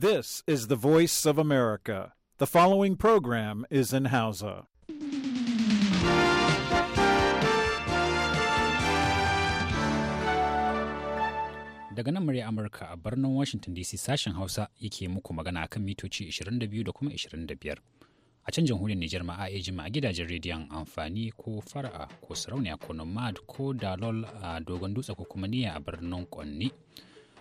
This is the voice of America. The following program is in Hausa. Daga nan murya Amurka a birnin Washington DC sashen Hausa yake muku magana akan mitoci 22 da kuma 25. A can jamhuriyar Nijar ma a jima a gidajen rediyon amfani ko fara'a ko sarauniya ko nomad ko dalol a dogon dutse ko kuma niyya a birnin kwanni.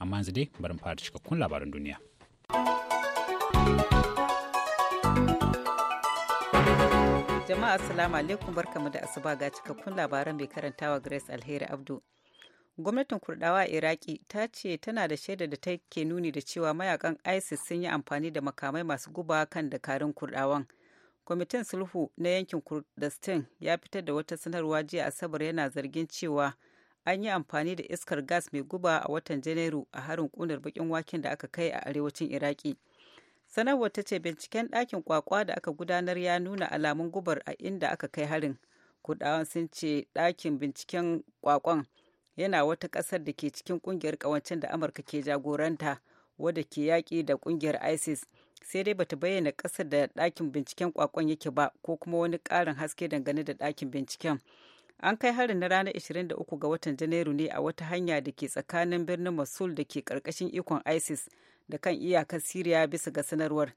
amma yanzu dai barin fara cikakkun labaran duniya. Jama'a Assalamu alaikum barkamu da asuba ga cikakkun labaran mai karantawa Grace Alheri Abdu. Gwamnatin Kurdawa a Iraki ta ce tana da shaida da ta ke nuni da cewa mayakan ISIS sun yi amfani da makamai masu guba kan dakarun Kurdawan. Kwamitin sulhu na yankin Kurdistan ya fitar da wata sanarwa jiya Asabar yana zargin cewa an yi amfani da iskar gas mai guba a watan janairu a harin kunar bakin waken da aka kai a arewacin iraki sanarwar ta ce binciken ɗakin kwakwa da aka gudanar ya nuna alamun gubar a inda aka kai harin kudawan sun ce dakin binciken kwakwan yana wata ƙasar da ke cikin ƙungiyar ƙawancen da amurka ke jagoranta wadda ke yaƙi da ƙungiyar isis sai dai bata bayyana ƙasar da ɗakin binciken kwakwan yake ba ko kuma wani ƙarin haske dangane da ɗakin binciken an kai harin na ranar 23 ga watan janairu ne a wata hanya da ke tsakanin birnin masul da ke karkashin ikon isis da kan iyakar siriya bisa ga sanarwar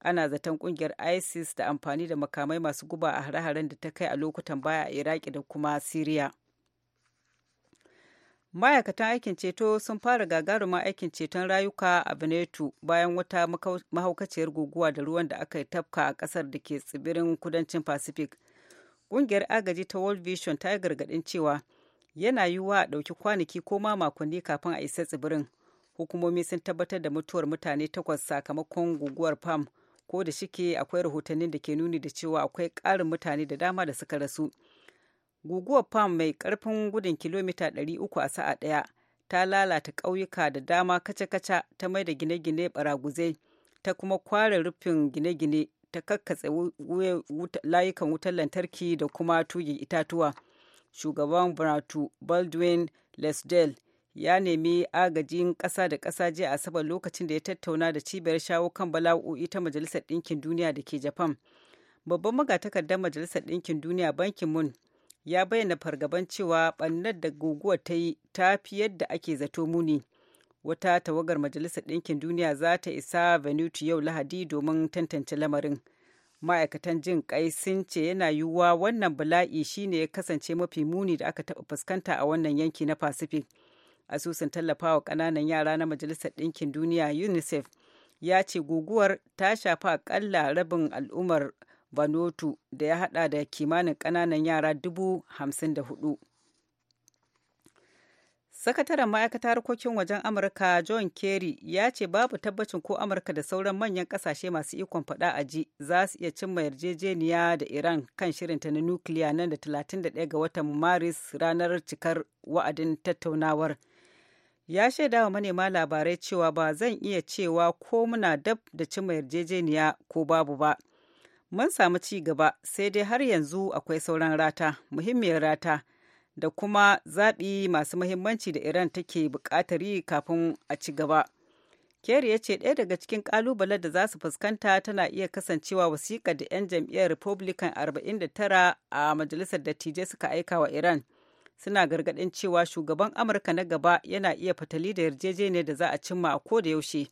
ana zaton kungiyar isis da amfani da makamai masu guba a hare-haren da ta kai a lokutan baya a iraki da kuma siriya ma'aikatan aikin ceto sun fara gagaruma aikin ceton rayuka a benetu bayan wata mahaukaciyar guguwa da ruwan da aka tafka a kasar da ke tsibirin kudancin pacific Ƙungiyar agaji ta World Vision ta yi gargaɗin cewa yana yiwuwa a ɗauki kwanaki ko ma makonni kafin a isa tsibirin. Hukumomi sun tabbatar da mutuwar mutane takwas sakamakon guguwar Pam ko da shike akwai rahotannin da ke nuni da cewa akwai ƙarin mutane da dama da suka rasu. Guguwar Pam mai ƙarfin gudun kilomita 300 a sa'a ɗaya ta lalata ƙauyuka da dama kaca-kaca ta mai da gine-gine baraguzai ta kuma kware rufin gine-gine ta kakkatse layukan wutar lantarki da kuma tuge itatuwa shugaban bratu baldwin lesdell ya nemi agajin ƙasa da ƙasa jiya asabar lokacin da ya tattauna da cibiyar shawo kan bala'o'i ta majalisar ɗinkin duniya da ke japan babban magatakardar majalisar ɗinkin duniya bankin mun ya bayyana fargaban cewa ɓannar da guguwar ta yi ta fi yadda ake zato muni wata tawagar majalisar ɗinkin duniya za ta isa venuti yau lahadi domin tantance lamarin ma'aikatan jin kai sun ce yana yiwuwa wannan bala'i shine ya kasance mafi muni da aka taɓa fuskanta a wannan yanki na pacific asusun tallafawa ƙananan yara na majalisar ɗinkin duniya unicef ya ce guguwar ta shafi akalla rabin al'ummar vanuatu da ya hada da kimanin ƙananan yara dubu hamsin da hudu Sakataren ma'aikatar harkokin wajen Amurka John Kerry ya ce babu tabbacin ko Amurka da sauran manyan kasashe masu ikon faɗa a ji za su iya cimma yarjejeniya da Iran kan shirinta na nukiliya nan da 31 ga watan Maris ranar cikar wa'adin tattaunawar. Ya shaida wa manema labarai cewa ba zan iya cewa ko muna dab da cimma yarjejeniya ko babu ba. Mun samu ci gaba sai dai har yanzu akwai sauran rata, muhimmiyar rata. da kuma zaɓi masu mahimmanci da Iran take buƙatar yi kafin a ci gaba. Kerry ya ce ɗaya daga cikin ƙalubalen da za su fuskanta tana iya kasancewa wasiƙa da 'yan jam'iyyar Republican 49 a Majalisar Dattijai suka aika wa Iran. Suna gargaɗin cewa shugaban Amurka na gaba yana iya fatali da yarjejeniyar da za a cimma a ko da yaushe.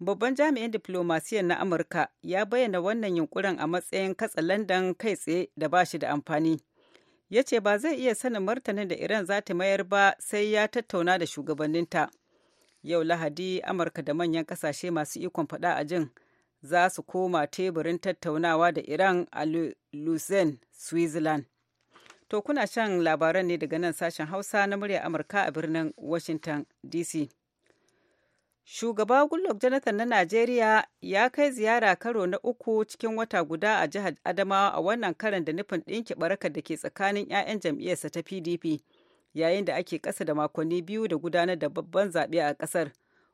Babban jami'in diflomasiyyar na Amurka ya bayyana wannan yunkurin a matsayin katsa landan kai tsaye da ba shi da amfani. ya ce ba zai iya sanin martanin da Iran za ta mayar ba sai ya tattauna da shugabanninta. Yau Lahadi, Amurka da manyan kasashe masu ikon faɗa a jin za su koma teburin tattaunawa da Iran a Lucerne, Switzerland. To kuna shan labaran ne daga nan sashen Hausa na murya Amurka a birnin Washington DC. Shugaba Goodluck Jonathan na Najeriya ya kai ziyara karo na uku cikin wata guda a jihar Adamawa a wannan karan da nufin ɗinki barakar da ke tsakanin 'ya'yan jam'iyyarsa ta PDP yayin da ake ƙasa da makonni biyu da gudanar da babban zaɓe a ƙasar.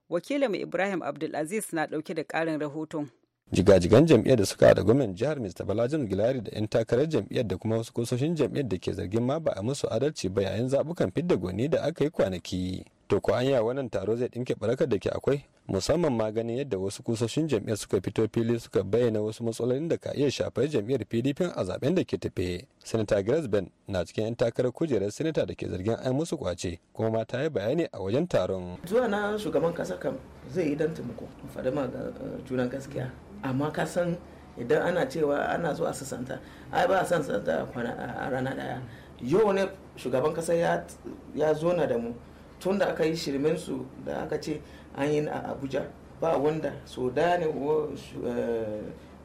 Wakilinmu Ibrahim Abdulaziz na ɗauke da ƙarin rahoton. jigajigan jam'iyyar da suka da gwamnan jihar mr balajan gilari da 'yan takarar jam'iyyar da kuma wasu kusoshin jam'iyyar da ke zargin ma ba a musu adalci ba yayin zaɓukan fidda gwani da aka yi kwanaki to ko an wannan taro zai dinke barakar da ke akwai musamman ma ganin yadda wasu kusoshin jam'iyyar suka fito fili suka bayyana wasu matsalolin da ka iya shafar jam'iyyar pdp a zaben da ke tafe senator grace na cikin 'yan takarar kujerar senator da ke zargin ai musu kwace kuma ma ta yi bayani a wajen taron zuwa na shugaban kasa kam zai yi don taimako fada ma eh, junan gaskiya amma ka san idan ana cewa ana zuwa sassanta ai ba a san santa a rana daya yau ne shugaban kasa ya zo na da mu tun da aka yi shirmen su da aka ce an yi a abuja ba wanda so da ne eh,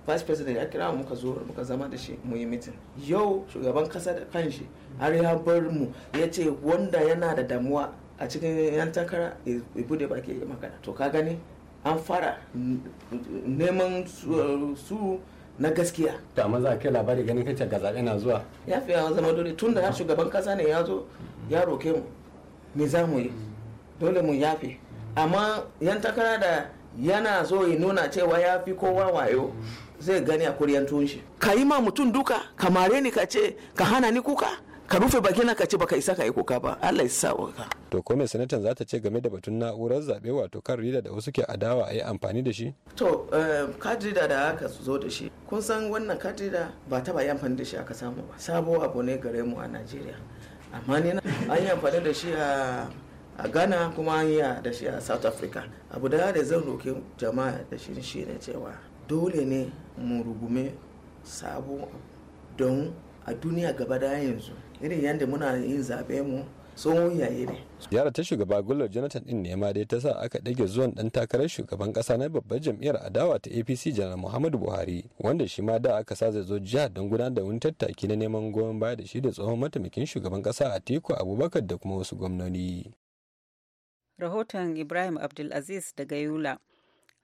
vice president ya kira muka zo muka zama da shi mu yi mitin yau shugaban kasa da kanshi har ya bar mu ya ce wanda yana da damuwa a cikin yan takara ya bude baki ya magana to ka gani an fara neman su na gaskiya to amma za kai labari ganin kace ga zaɓe na zuwa ya fi zama dole tun da shugaban kasa ne ya zo ya roke mu me za mu yi dole mu yafe amma yan takara da yana so ya nuna cewa ya fi kowa wayo zai gani a kuryan tunshi ka yi ma mutum duka ka mare ni ka ce ka hana ni kuka ka rufe bakina ka ce baka isa ka yi kuka ba Allah ya sa ka to ko mai sanatan za ta ce game da batun na'urar zabe wato kan rida da wasu ke adawa a yi amfani da shi to kadrida eh, da aka zo da shi kun san wannan kadrida ba taba yi amfani da shi aka samu ba sabo abu ne gare mu a Najeriya amma ni an yi amfani da shi a a ghana kuma an yi da shi a south africa abu da da zan roƙi jama'a da shi shi ne cewa dole ne mu rugume sabo don a duniya gaba da yanzu irin yadda muna yin zaɓe mu tsohon yaye ne ziyarar ta shugaba gullar jonathan din ne ma dai ta sa aka dage zuwan dan takarar shugaban ƙasa na babbar jam'iyyar adawa ta apc janar muhammadu buhari wanda shi ma da aka sa zai zo jihar don gudanar da wani tattaki na neman goyon baya da shi da tsohon mataimakin shugaban ƙasa atiku abubakar da kuma wasu gwamnoni rahoton ibrahim abdulaziz daga yula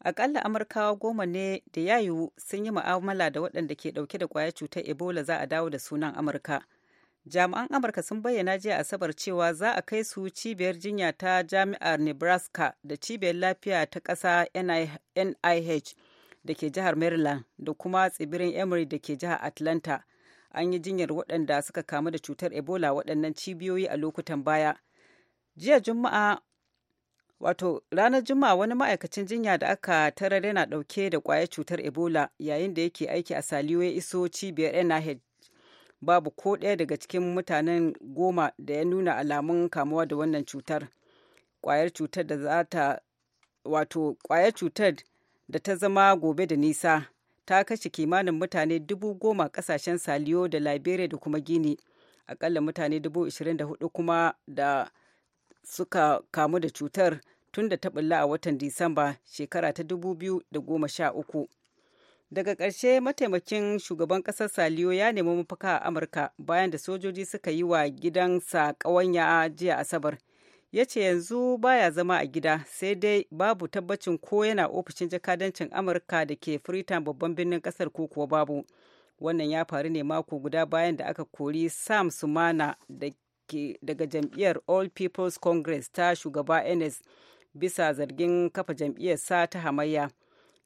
akalla amurkawa goma ne da ya sun yi mu'amala da waɗanda ke ɗauke da ƙwayar cutar ebola za a dawo da sunan amurka jami'an amurka sun bayyana jiya asabar cewa za a kai su cibiyar jinya ta jami'ar nebraska da cibiyar lafiya ta ƙasa nih da ke jihar maryland da kuma tsibirin emory da ke jihar atlanta an yi jinyar waɗanda suka kamu da cutar ebola waɗannan cibiyoyi a lokutan baya jiya juma'a wato ranar juma'a wani ma'aikacin jinya da aka tarar yana ɗauke da ƙwayar cutar ebola yayin da yake aiki a saliyo ya iso cibiyar nih babu ko ɗaya daga cikin mutanen goma da ya nuna alamun kamuwa da wannan cutar kwayar cutar da za ta wato kwayar cutar da ta zama gobe da nisa ta kashe kimanin mutane dubu goma kasashen saliyo da liberia da kuma gini akalla mutane dubu ishirin da hudu kuma da suka kamu da cutar tun da ta bulla a watan disamba shekara ta dubu biyu da goma sha uku daga ƙarshe mataimakin shugaban ƙasar saliyo ya nemi mafaka a amurka bayan da sojoji suka yi wa gidansa ƙawanya jiya asabar ya ce yanzu baya zama a gida sai dai babu tabbacin ko yana ofishin jakadancin amurka da ke freetown babban birnin ƙasar ko kuwa babu wannan ya faru ne mako guda bayan da aka kori sam sumana daga jam'iyyar all people's congress ta shugaba ns bisa zargin kafa jam'iyyar sa ta hamayya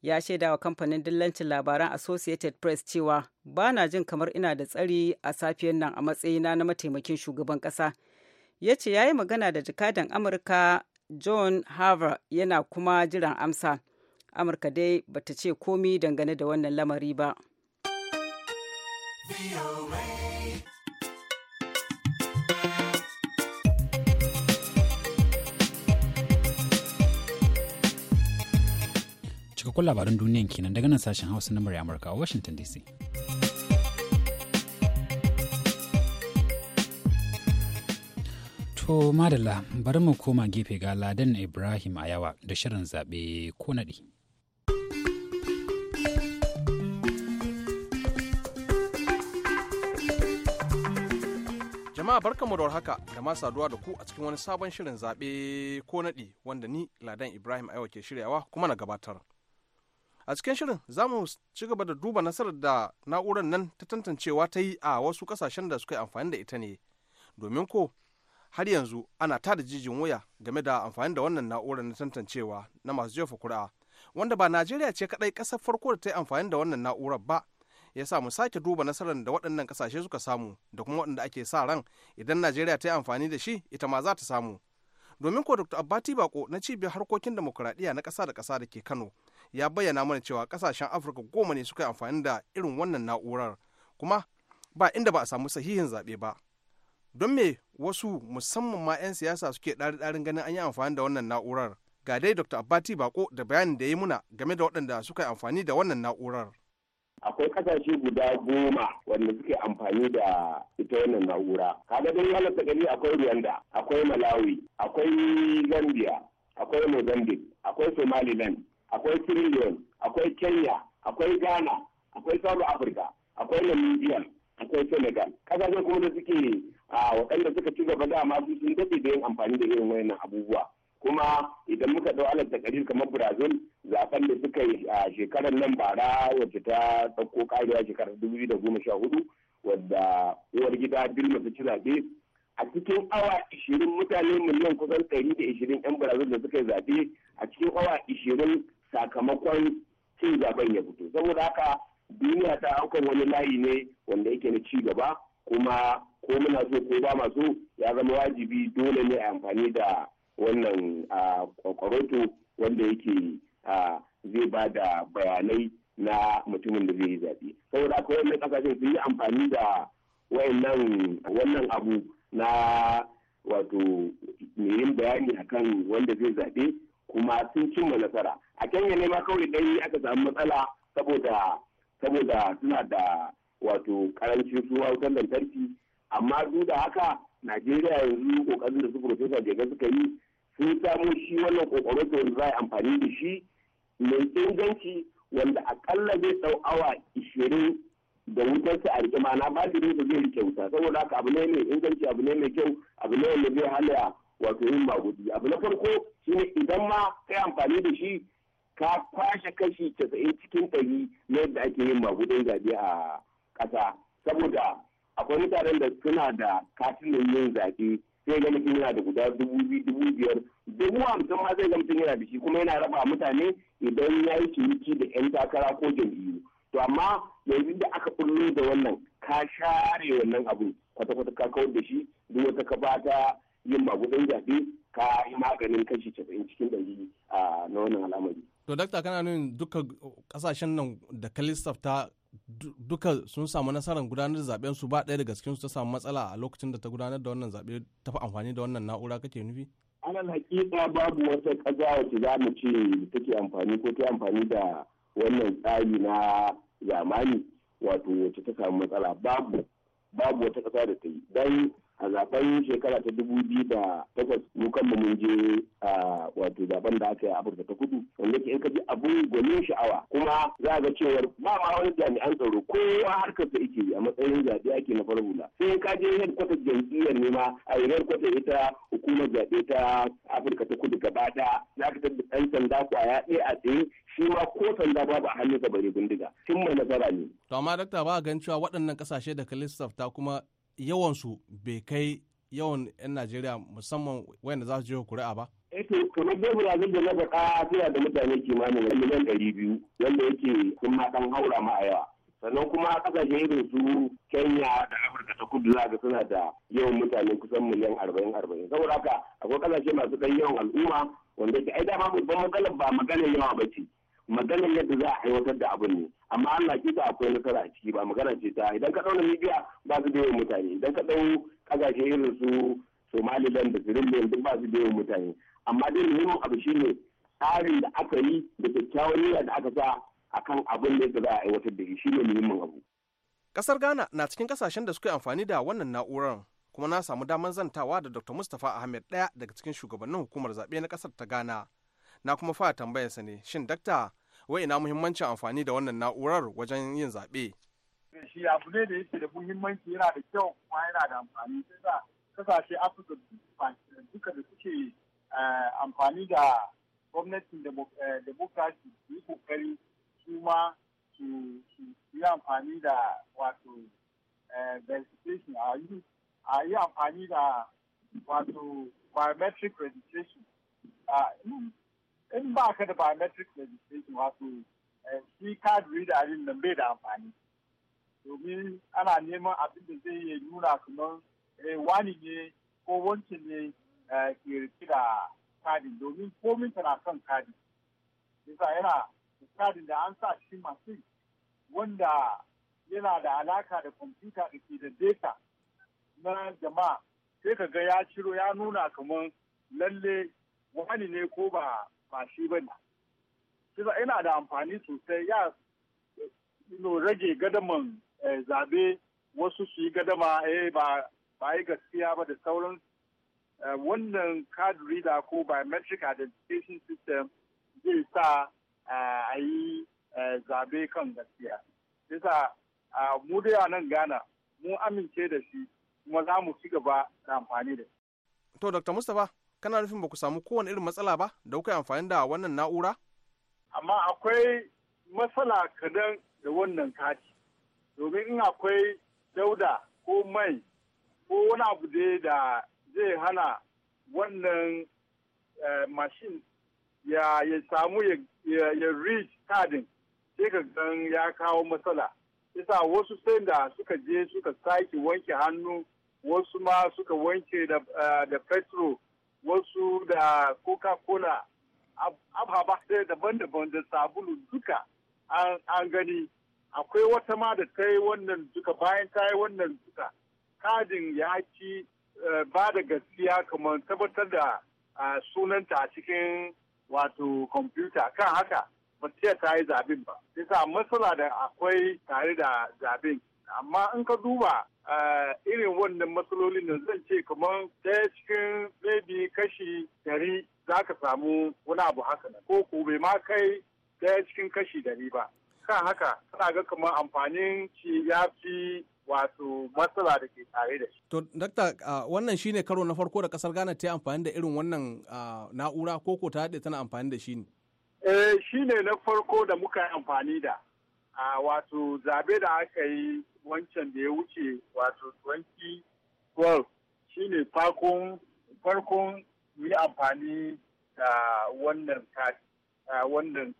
ya shaida wa kamfanin dillancin labaran associated press cewa ba na jin kamar ina da tsari a safiyar nan a matsayina na mataimakin shugaban kasa ya ce ya yi magana da jakadan amurka john harvard yana kuma jiran amsa amurka dai bata ce komi dangane da wannan lamari ba. cikakkun labaran duniyan kenan daga nan sashen hausa na murya amurka a washington dc to madalla bari mu koma gefe ga ladan ibrahim ayawa da shirin zaɓe ko naɗi jama'a barkanmu da warhaka da ma saduwa da ku a cikin wani sabon shirin zaɓe ko naɗi wanda ni ladan ibrahim ayawa ke shiryawa kuma na gabatar a cikin shirin za mu ci gaba da duba nasarar da na'urar nan ta tantancewa ta yi a wasu kasashen da suka yi amfani da ita ne domin ko har yanzu ana tada jijin waya game da amfani da wannan na'urar na tantancewa na masu jefa kura. wanda ba najeriya ce kadai kasar farko da ta yi amfani da wannan na'urar ba ya sa mu sake duba nasarar da waɗannan kasashe suka samu da kuma waɗanda ake sa ran idan najeriya ta yi amfani da shi ita ma za ta samu domin ko dr abbati bako na cibiyar harkokin demokuraɗiyya na ƙasa da ƙasa da ke kano ya bayyana mana cewa kasashen afirka goma ne suka yi amfani da irin wannan na'urar kuma ba inda ba a samu sahihin zaɓe ba don me wasu musamman ma 'yan siyasa suke ɗari-ɗarin ganin an yi amfani da wannan na'urar ga dai dr abati bako da bayanin da ya yi muna game da waɗanda suka yi amfani da wannan na'urar akwai kasashe guda goma wanda suke amfani da ita wannan na'ura kaga dai halatta gani akwai rwanda akwai malawi akwai zambia akwai mozambique akwai somaliland akwai Sierra akwai Kenya, akwai Ghana, akwai South Africa, akwai Namibia, akwai Senegal. Kasashen kuma da suke a waɗanda suka ci gaba da masu sun daɗe da yin amfani da irin wayannan abubuwa. Kuma idan muka ɗau alal takarir kamar Brazil zaben da suka yi a shekarar nan bara wacce ta ɗauko ƙarewa shekarar dubu da goma sha hudu wadda uwar gida Dilma ta ci zaɓe a cikin awa 20 mutane miliyan kusan 120 'yan Brazil da suka yi zaɓe a cikin awa 20 sakamakon cin zaben ya fito saboda haka duniya ta haukan wani layi ne wanda yake na ci gaba kuma ko muna so ko ba masu ya zama wajibi dole ne a amfani da wannan kwakwaroto wanda yake zai ba da bayanai na mutumin da zai yi zaɓe saboda haka wannan kasashen sun yi amfani da wayannan wannan abu na wato yin bayani akan wanda zai zaɓe kuma sun cimma nasara a kenya ne ma kawai dai aka samu matsala saboda saboda suna da wato karancin suwa wutar lantarki amma duk da haka najeriya yanzu kokarin da su profesa jega suka yi sun samu shi wannan kokoroto wanda za a amfani da shi mai inganci wanda akalla zai dau awa ishirin da wutar sa a rike ma'ana ba da zai rike wuta saboda haka abu ne mai inganci abu ne mai kyau abu ne wanda zai halaya wato yin magudi abu na farko shine idan ma kai amfani da shi ka kwashe kashi casa'in cikin ɗari na yadda ake yin magudin zaɓe a ƙasa saboda akwai mutanen da suna da katinan yin zaɓe sai ga mutum yana da guda dubu biyu dubu biyar dubu hamsin ma zai ga mutum yana da shi kuma yana raba mutane idan ya yi ciniki da yan takara ko jam'iyyu to amma yanzu da aka bullo da wannan ka share wannan abu kwata-kwata ka kawar da shi duk wata ka bata yin magudan zaɓe ka yi maganin kashi casa'in cikin ɗari a na wannan al'amari. to dakta kana nuna duka ƙasashen nan da ka lissafta duka sun samu nasarar gudanar da zaben su ba ɗaya daga cikin su ta samu matsala a lokacin da ta gudanar da wannan zaɓe ta fi amfani da wannan na'ura kake nufi? alal hakika babu wata ƙasa wacce za mu ce take amfani ko ta amfani da wannan tsari na zamani wato wacce ta samu matsala babu babu wata ƙasa da ta yi don a zaben shekara ta dubu biyu da takwas mu kanmu mun je a wato zaben da aka yi a Afirka ta Kudu wanda ke ka ji abun gwanin sha'awa kuma za ga cewa ba ma wani jami'an tsaro kowa harkar ta yake a matsayin zaɓe ake na farko hula sai ka je kwatar jam'iyyar ne ma a yi kwatar ita hukumar zaɓe ta Afirka ta Kudu gaba ɗaya za ka tabbata ɗan sanda kwaya ɗaya a tsaye shi ma ko sanda babu a hannunsa bare bindiga tun mai nasara ne. To amma dakta ba gan cewa waɗannan ƙasashe da ka lissafta kuma yawansu bai kai yawan 'yan Najeriya musamman wayanda za su je kuri'a ba? Eto, eh kuma dai Brazil da na baka suna da mutane kimanin miliyan ɗari biyu wanda yake sun ma ɗan haura ma a yawa. Sannan kuma ƙasashe irin su Kenya da Afirka ta kudu za ga suna da yawan mutane kusan miliyan arba'in arba'in. Saboda haka akwai ƙasashe masu ɗan yawan al'umma wanda ke ai dama babban matsalar ba maganar yawa ba ce. Maganar yadda za a aiwatar da abin ne. amma Allah kika akwai nasara a ciki ba magana ce ta idan ka ɗauna Libya ba su da yawan mutane idan ka ɗau ƙasashe irin su Somaliland da Sierra duk ba su da yawan mutane amma dai muhimmin abu shine tsarin da aka yi da kyakkyawan niyya da aka sa akan abin da za a aiwatar da shi shine muhimmin abu Kasar Ghana na cikin kasashen da suka amfani da wannan na'urar kuma na samu damar zantawa da Dr. Mustapha Ahmed daya daga cikin shugabannin hukumar zaɓe na kasar ta Ghana. Na kuma fara tambayarsa ne, shin dakta wai ina muhimmancin amfani da wannan na'urar wajen yin zaɓe. shi abu ne da yake da muhimmanci yana da kyau kuma yana da amfani kasashe afirka duka da suke eh, amfani da gwamnatin demokrasi eh, su yi kokari su ma su yi amfani da wato eh, verification a yi amfani da wato biometric registration in ba ka da biometric registration wato eh, shi card reader din nan bai da amfani domin ana neman abin da zai iya nuna kamar eh, wani ne ko wancan ne eh, ke rike da kadin domin komin tana kan kadi yasa yana kadin da an sa cikin masin wanda yana da alaka da kwamfuta da ke da data na jama'a sai ka ga ya ciro ya nuna kamar lalle wani ne ko ba ba shi ba ne. Kisa yana da amfani sosai ya rage gadaman eh, zabe wasu su yi gadama eh, ba ba yi gaskiya ba da sauran eh, wannan card reader ko biometric identification system zai sa a yi zabe kan gaskiya. Kisa ah, mu da nan Ghana mu amince da shi kuma za mu ci gaba da amfani da shi. To, Dr. Mustapha, kana nufin ba ku samu kowane irin matsala ba da kuka amfani da wannan na'ura? Amma akwai matsala kadan da wannan kati, domin in akwai dauda ko mai ko wani abu da zai hana wannan eh, mashin ya samu ya reach kadin sai ka gan ya kawo matsala. Isa wasu sai da suka je suka sake wanke hannu wasu ma suka wanke da eh, petro wasu da coca-cola ababa sai daban-daban da sabulu duka an gani akwai wata ma da ta yi wannan duka bayan ta yi wannan duka kadin ya ci eh, ba da gaskiya kamar tabbatar da sunanta a cikin wato kwamfuta kan haka ba ta yi zaben ba. Sai matsala da akwai tare da zaben amma in ka duba eh, irin wannan matsalolin da zan ce kamar ɗaya cikin maybe kashi dari za ka samu wani abu haka ko ko bai ma kai ɗaya cikin kashi dari ba kan haka tana ga kamar amfanin shi ya fi wato matsala da ke tare da shi. To, dakta wannan shine karo na farko da kasar Ghana ta yi amfani da irin wannan na'ura ko ko ta haɗe tana amfani da shi ne? Eh, shi ne na farko da muka yi amfani da. a wato zabe da aka yi wancan da ya wuce wato 2012 shine farkon farkon yi amfani da wannan wannan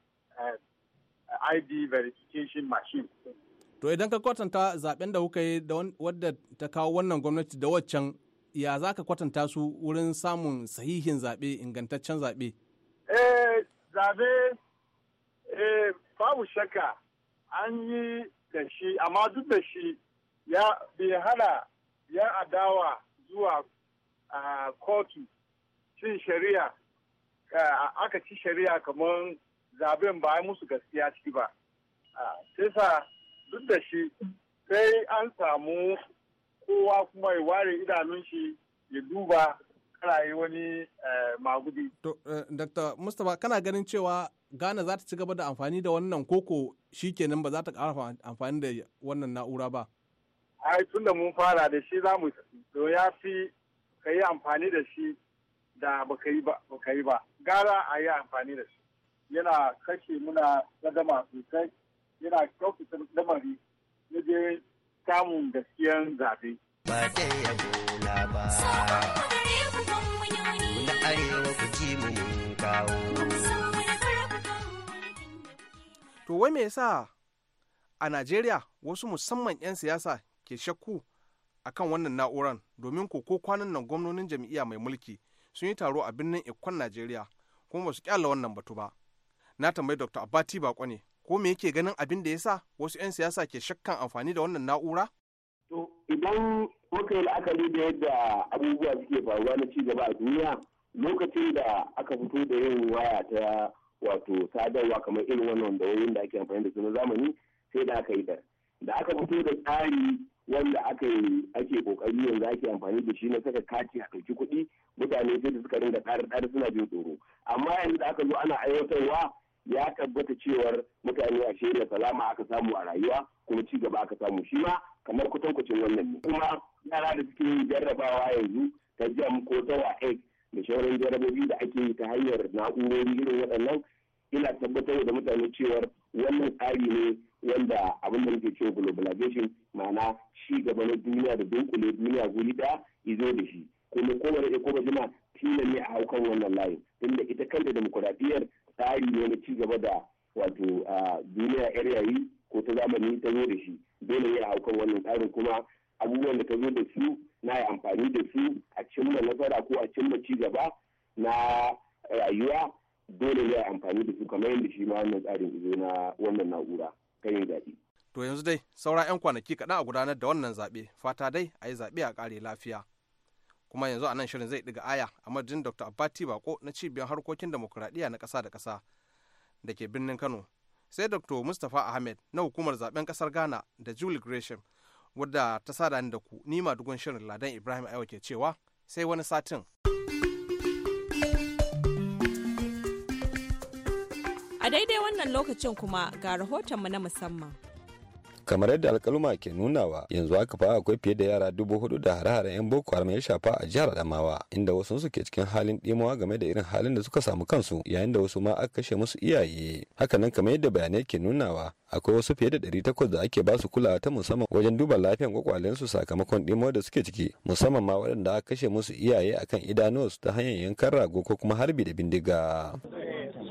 ID verification machine. To idan ka kwatanta zaben da kuka yi da wadda ta kawo wannan gwamnati da waccan ya za ka kwatanta su wurin samun sahihin zaɓe ingantaccen zaɓe? Eh, zaɓe, eh, babu shakka an yi da shi amma duk da shi ya bai hana ya adawa zuwa kotu cin shari'a aka ci shari'a kamar zaben ba musu gaskiya ciki ba sai sa duk da shi sai an samu kowa kuma ya ware idanun shi ya duba kana yi wani eh, magudi. Eh, Dr. Mustapha kana ganin cewa Ghana za ta ci gaba da amfani da wannan koko shi kenan ba za ta ƙara amfani da wannan na'ura ba. Ai tun da mun fara da shi za mu don ya fi ka yi amfani da shi da baka yi ba gara a yi amfani da shi yana kashe muna gadama sosai yana kyautata lamari na je samun gaskiyan zabe. Ba da yabo ba. Sabon mu ku ban Wani arewa ku ji mu kawo. to wai me yasa a najeriya wasu musamman 'yan siyasa ke shakku a kan wannan na'uran domin ko kwanan nan gwamnonin jam'iyya mai mulki sun yi taro a birnin ikon najeriya kuma ba su kyalla wannan batu ba na tambayi dr abati bako ne ko me yake ganin abin da yasa wasu 'yan siyasa ke shakkan amfani da wannan na'ura to idan muka yi la'akari da yadda abubuwa suke faruwa na ci gaba a duniya lokacin da aka fito da yin waya ta wato sadarwa kamar irin wannan da wayoyin da ake amfani da su na zamani sai da aka yi da da aka fito da tsari wanda aka yi ake kokari yanzu ake amfani da shi na saka kati a ɗauki kuɗi mutane sai da suka ringa tsare suna jin tsoro amma yanzu da aka zo ana aiwatarwa ya tabbata cewar mutane a shirya salama aka samu a rayuwa kuma ci gaba aka samu shi ma kamar kwatankwacin wannan ne kuma yara da suke yi jarrabawa yanzu ta jam ko ta wa da shawarar jarabobi da ake yi ta hanyar na'urori irin waɗannan ina tabbatar da mutane cewar wannan tsari ne wanda abin da muke cewa globalization ma'ana shi gaba na duniya da dunkule duniya guri da izo da shi kuma ko wani ko ba jima shi ne a haukan wannan layin tunda ita kanta demokuraɗiyyar tsari ne na ci gaba da wato duniya yar yayi ko ta zamani ta zo da shi dole ne a haukan wannan tsarin kuma abubuwan da ta zo da su na yi amfani da su a cimma nasara ko a cimma ci gaba na rayuwa dole ne amfani da su kamar yadda shi ma wannan tsarin izo na wannan na'ura ta yin zaɓe. To yanzu dai saura 'yan kwanaki kaɗan a gudanar da wannan zaɓe fata dai a yi zaɓe a ƙare lafiya. Kuma yanzu a nan shirin zai ɗiga aya a madadin Dr. Abbati Bako na cibiyar harkokin demokuraɗiyya na ƙasa da ƙasa da ke birnin Kano. Sai Dr. Mustapha Ahmed na hukumar zaɓen ƙasar Ghana da Julie Gresham wadda ta sada ni da ku ni madugon shirin ladan ibrahim aiwa ke cewa sai wani satin a daidai wannan lokacin kuma ga rahotonmu na musamman kamar yadda alkaluma ke nunawa yanzu aka fa akwai fiye da yara dubu hudu da hare-haren yan boko haram ya shafa a jihar adamawa inda wasu su ke cikin halin ɗimawa game da irin halin da suka samu kansu yayin da wasu ma aka kashe musu iyaye hakanan kamar yadda bayanai ke nunawa akwai wasu fiye da ɗari takwas da ake basu kulawa ta musamman wajen duba lafiyan su sakamakon ɗimo da suke ciki musamman ma waɗanda aka kashe musu iyaye akan idanuwarsu ta hanyar yankan rago ko kuma harbi da bindiga.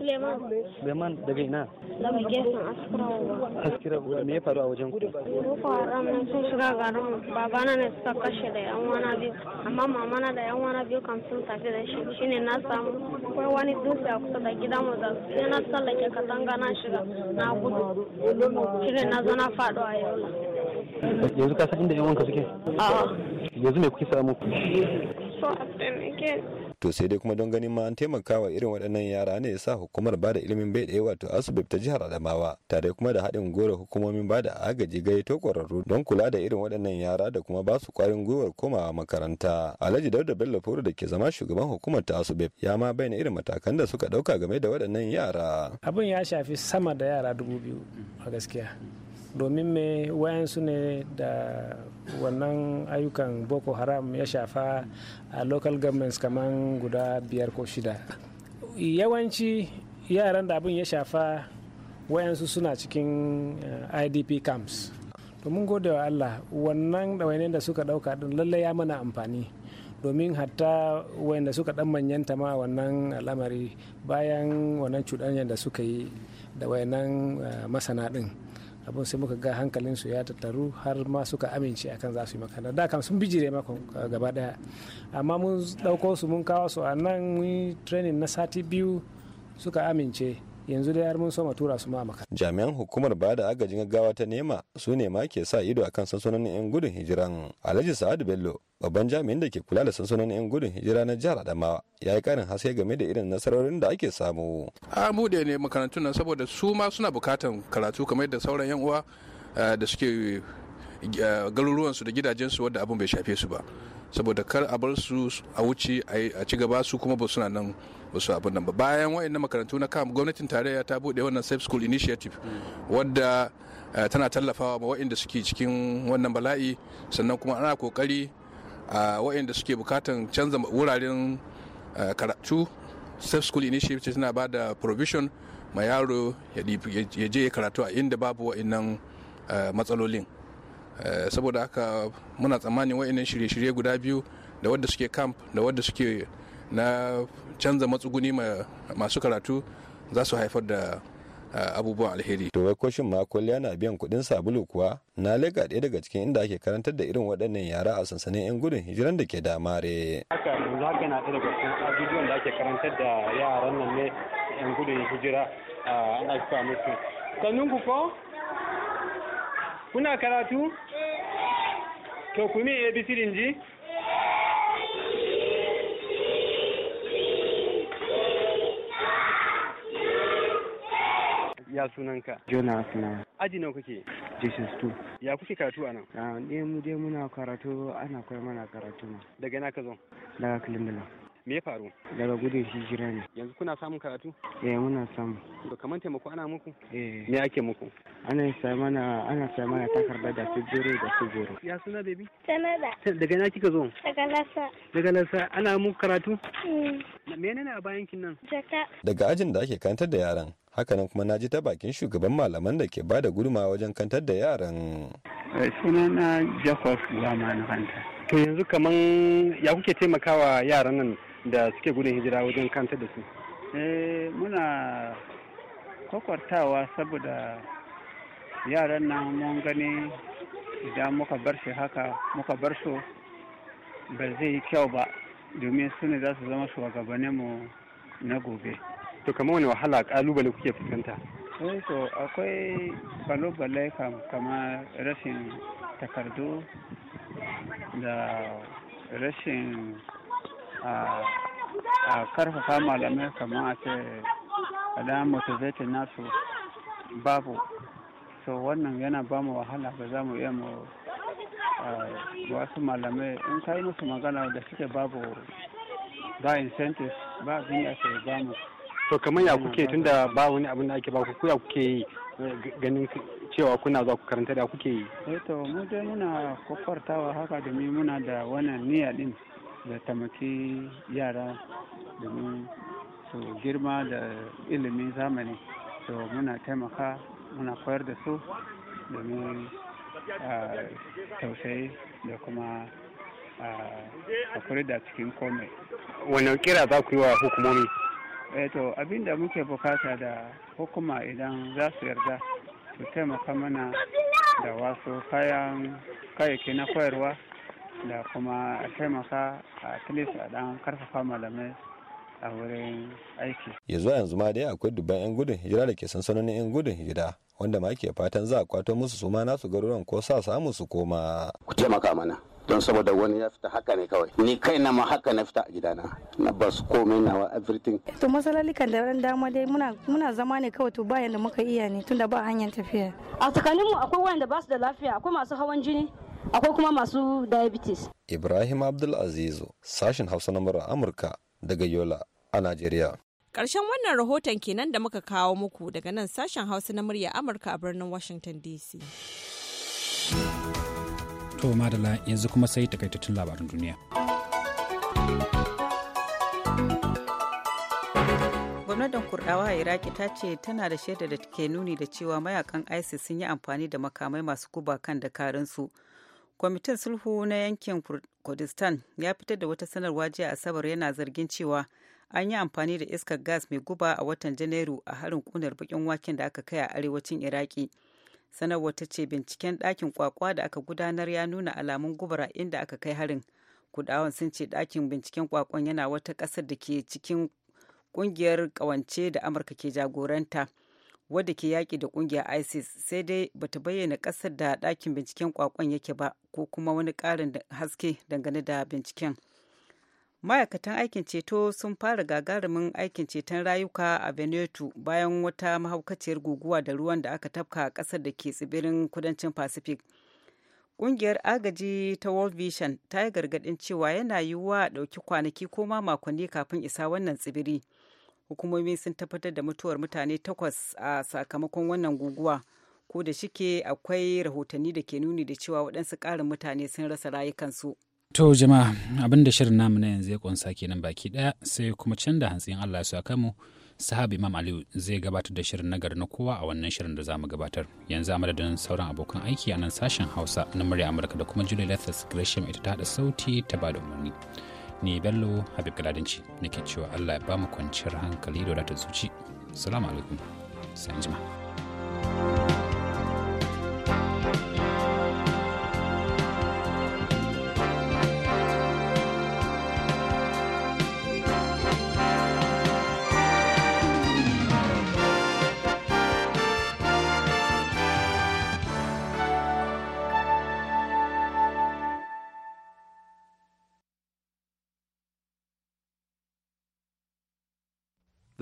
Leman da daga ina? Daga gefen Askirawa. Askirawa me ya faru a wajen ku? Boko Haram nan sun shiga garin babana ne suka kashe da yan wana biyu amma mamana da yan wana biyu kam sun tafi da shi shine na samu akwai wani dutse a kusa da gidanmu da sai na tsallake katanga na shiga na gudu shine na zana faɗo a yau. Yanzu ka san inda yan wanka suke? A'a. Yanzu me kuke samu? So a taimake to sai dai kuma don ganin ma an taimaka wa irin waɗannan yara ne ya sa hukumar ba da ilimin bai ɗaya wato asibiti ta jihar adamawa tare kuma da haɗin gora hukumomin da agaji gayyato ƙwararru don kula da irin waɗannan yara da kuma ba su ƙwarin gwiwar komawa makaranta alhaji dauda bello foro da ke zama shugaban hukumar ta asibiti ya ma bayyana irin matakan da suka ɗauka game da waɗannan yara Abun ya shafi sama da yara dubu biyu a gaskiya domin me wayansu ne da wannan ayyukan boko haram ya shafa a local governments kamar guda biyar ko shida yawanci yaran da abin ya shafa wayansu suna cikin eh, idp camps domin gode wa allah wannan ɗawainiyar da suka ɗauka ɗin lallai ya mana amfani domin hatta wayanda suka dan manyanta ma wannan al'amari bayan wannan cuɗanyar da suka yi da wayannan eh, masana ɗin abin sai muka ga hankalin ya tattaru har ma suka amince akan za su yi makana da kan sun bijire maka eh, gaba daya amma mun dauko su mun kawo su a nan mun training na sati biyu suka amince yanzu dai har mun so tura su ma jami'an hukumar ba da agajin gaggawa ta nema su ne ma ke sa ido akan sansanonin yan gudun hijiran alhaji sa'adu bello babban jami'in da ke kula da sansanonin yan gudun hijira na jihar adamawa ya yi karin haske game da irin nasarorin da ake samu. a buɗe ne makarantun nan saboda su ma suna bukatan karatu kamar da sauran yan uwa eh, da suke eh, garuruwansu da gidajensu wadda abin bai shafe su ba saboda kar a bar su a wuce a ci gaba su kuma ba suna nan ba su abin nan ba bayan wa'annan makarantu na kam gwamnatin tarayya ta bude wannan safe school initiative wadda eh, tana tallafawa ma wa'anda suke cikin wannan bala'i sannan kuma ana kokari a wa'anda suke bukatan canza wuraren eh, karatu safe school initiative tana ba da provision ma yaro ya je karatu a inda babu wa'annan eh, matsalolin Eh, saboda haka muna tsammanin wa'annan shirye-shirye guda biyu da wadda suke camp da wadda suke na canza matsuguni masu karatu za su haifar da eh, abubuwan alheri. To wai koshin ma kwalliya na biyan kuɗin sabulu kuwa na lega ɗaya daga cikin inda ake karantar da irin waɗannan yara a sansanin 'yan gudun hijiran da ke damare. Haka yanzu haka na daga cikin abubuwan da ake karantar da yaran nan ne 'yan gudun hijira eh, ana musu. ku ko? kuna karatu to ku me abcd ji ya sunanka jona asna aji nawa kuke jesus 2 ya kuke karatu a nan a ah, ne mu je muna karatu ana koyar mana karatu daga na ka zo daga kilindila me ya faru daga gudun hijira ne yanzu kuna samun karatu eh muna samu to kamar taimako ana muku eh me ake muku ana sa mana ana sa mana takarda da su jiro da su ya suna baby sanada daga na kika zo daga lasa daga lasa ana muku karatu mm. ne a bayan kin nan jaka daga ajin da ake kantar da yaran hakanan kuma na ji ta bakin shugaban malaman da ke ba da gudunmawa wajen kantar da yaran eh, sunana jakwas gama na to yanzu kaman ya kuke taimakawa yaran nan da suke gudun hijira wajen kanta da su eh, muna kwakwatawa saboda yaran nan mun gani idan muka bar shi haka muka bar su ba zai yi kyau ba domin su ne za su zama mu na gobe to kama wani wahala kalubale kuke fuskanta eh, to akwai kalubale kamar rashin takardu da rashin a karfafa malamai kamar a ce a da motivating nasu babu so wannan yana ba mu wahala ba za mu iya mu wasu malamai in kai musu magana da suke babu ba incentives ba abin da ake ba mu to kamar ya kuke tunda ba wani abin da ake ba ku ya kuke yi eh, ganin cewa kuna zuwa ku karanta da kuke yi eh to mu dai muna kokartawa haka domin muna da wannan niyya din da tamaki yara domin su girma da ilimin zamani to muna taimaka muna koyar da su domin tausayi da kuma hakuri da cikin komai wani kira za ku yi wa hukumomi eh to abinda muke bukata da hukuma idan za su yarda su taimaka mana da wasu kayan kayayyaki na koyarwa da kuma a taimaka a tilisa a dan karfafa malamai a wurin aiki. Ya zuwa yanzu ma dai akwai dubban 'yan gudun hijira da ke sansanonin 'yan gudun hijira wanda ma ke fatan za a kwato musu su ma nasu garuruwan ko sa samu su koma. Ku taimaka mana. don saboda wani ya fita haka ne kawai ni kai na ma haka na fita a gidana na su komai nawa everything to matsaloli kan da ran dama dai muna zama ne kawai to ba da muka iya ne tunda ba hanyar tafiya a tsakanin akwai wanda ba su da lafiya akwai masu hawan jini akwai kuma masu diabetes ibrahim abdulazizu sashen hausa na mura amurka daga yola a najeriya Ƙarshen wannan rahoton kenan da muka kawo muku daga nan sashen Hausa na murya Amurka a birnin Washington DC. To Madala yanzu kuma sai takaitattun labaran duniya. Gwamnatin Kurdawa a Iraki ta ce tana da shaida da ke nuni da cewa mayakan ISIS sun yi amfani da makamai masu guba kan dakarunsu. su. kwamitin sulhu na yankin kurdistan ya fitar da wata sanarwa jiya asabar yana zargin cewa an yi amfani da iskar gas mai guba a watan janairu a harin kunar bakin waken da aka kai a arewacin iraki sanarwar ta ce binciken ɗakin kwakwa da aka gudanar ya nuna alamun gubara inda aka kai harin kudawan sun ce dakin binciken kwakwan yana wata ƙasar da ke cikin ƙungiyar ƙawance da amurka ke jagoranta wadda ke yaƙi da ƙungiyar isis sai dai bata bayyana ƙasar da ɗakin binciken kwakwan yake ba ko kuma wani ƙarin haske dangane da binciken ma'aikatan aikin ceto sun fara gagarumin aikin ceton rayuka a veneto bayan wata mahaukaciyar guguwa da ruwan da aka tafka a ƙasar da ke tsibirin kudancin pacific Ƙungiyar agaji ta World Vision ta yi gargaɗin cewa yana yiwuwa a ɗauki kwanaki ko ma makonni kafin isa wannan tsibiri. hukumomi sun tabbatar da mutuwar mutane takwas a sakamakon wannan guguwa ko da shike akwai rahotanni da ke nuni da cewa waɗansu ƙarin mutane sun rasa rayukansu To jama'a abin da shirin namu na yanzu ya kunsa kenan baki ɗaya sai kuma can da hantsin Allah su aka mu sahabi Imam Aliyu zai gabatar da shirin nagar na kowa a wannan shirin da zamu gabatar yanzu a madadin sauran abokan aiki a nan sashen Hausa na murya Amurka da kuma Julia Lethas Gresham ita ta hada sauti ta bada umarni. ni bello habib galadanci nake cewa allah ya ba mu kwanciyar hankali da wadatar zuci salamu alaikum sai jima